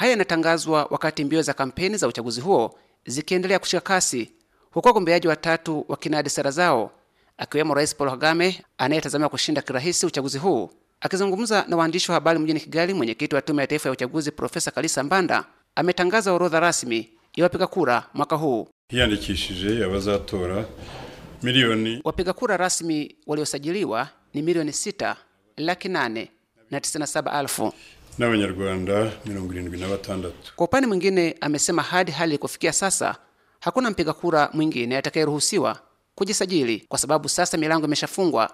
Haya yanatangazwa wakati mbio za kampeni za uchaguzi huo zikiendelea kushika kasi, huku wagombeaji watatu wakinadi sera zao, akiwemo Rais Paul Kagame anayetazamiwa kushinda kirahisi uchaguzi huu. Akizungumza na waandishi wa habari mjini Kigali, mwenyekiti wa Tume ya Taifa ya Uchaguzi Profesa Kalisa Mbanda ametangaza orodha rasmi ya wapiga kura mwaka huu. hiyandikishije abazatora milioni wapiga kura rasmi waliosajiliwa ni milioni sita laki nane na tisini na saba elfu n'Abanyarwanda mirongo irindwi na batandatu. Kwa upande mwingine, amesema hadi hali kufikia sasa hakuna mpiga kura mwingine atakayeruhusiwa kujisajili kwa sababu sasa milango imeshafungwa.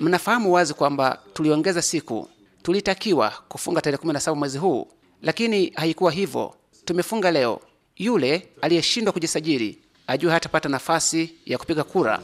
Mnafahamu wazi kwamba tuliongeza siku, tulitakiwa kufunga tarehe 17 mwezi huu, lakini haikuwa hivyo, tumefunga leo. Yule aliyeshindwa kujisajili ajue hatapata nafasi ya kupiga kura.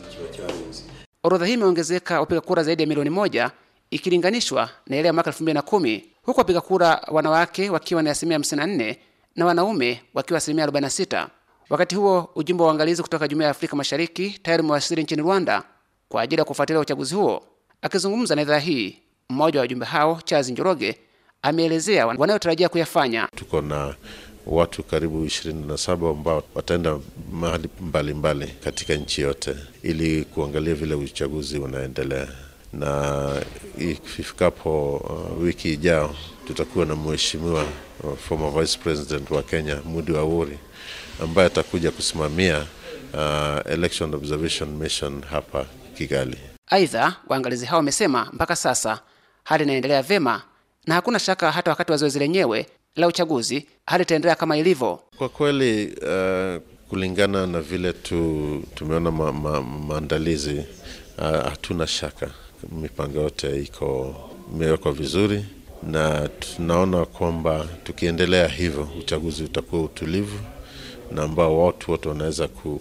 Orodha hii imeongezeka wapiga kura zaidi ya milioni moja ikilinganishwa na ile ya mwaka 2010 huku wapiga kura wanawake wakiwa ni asilimia 54 na wanaume wakiwa asilimia 46. Wakati huo ujumbe wa uangalizi kutoka Jumuiya ya Afrika Mashariki tayari umewasili nchini Rwanda kwa ajili ya kufuatilia uchaguzi huo. Akizungumza na idhaa hii, mmoja wa wajumbe hao Charles Njoroge ameelezea wanayotarajia kuyafanya. Tuko na watu karibu 27 ambao wataenda mahali mbalimbali mbali katika nchi yote ili kuangalia vile uchaguzi unaendelea na ifikapo uh, wiki ijao tutakuwa na mheshimiwa uh, former vice president wa Kenya Mudi Awori ambaye atakuja kusimamia uh, election observation mission hapa Kigali. Aidha, waangalizi hao wamesema mpaka sasa hali inaendelea vyema na hakuna shaka hata wakati wa zoezi lenyewe la uchaguzi hali itaendelea kama ilivyo. Kwa kweli uh, kulingana na vile tu tumeona ma, ma, maandalizi uh, hatuna shaka mipango yote iko imewekwa vizuri na tunaona kwamba tukiendelea hivyo uchaguzi utakuwa utulivu na ambao watu wote wanaweza ku,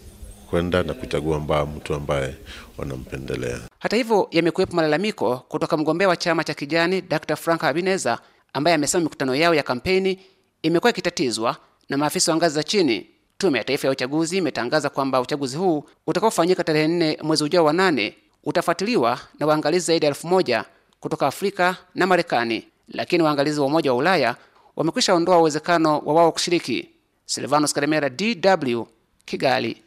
kwenda na kuchagua mbao mtu ambaye wanampendelea. Hata hivyo, yamekuwepo malalamiko kutoka mgombea wa chama cha kijani Dr. Frank abineza ambaye amesema mikutano yao ya kampeni imekuwa ikitatizwa na maafisa wa ngazi za chini. Tume ya Taifa ya Uchaguzi imetangaza kwamba uchaguzi huu utakaofanyika tarehe nne mwezi ujao wa nane utafuatiliwa na waangalizi zaidi ya elfu moja kutoka Afrika na Marekani, lakini waangalizi wa Umoja wa Ulaya wamekwisha ondoa uwezekano wa wao kushiriki. Silvanos Karemera, DW, Kigali.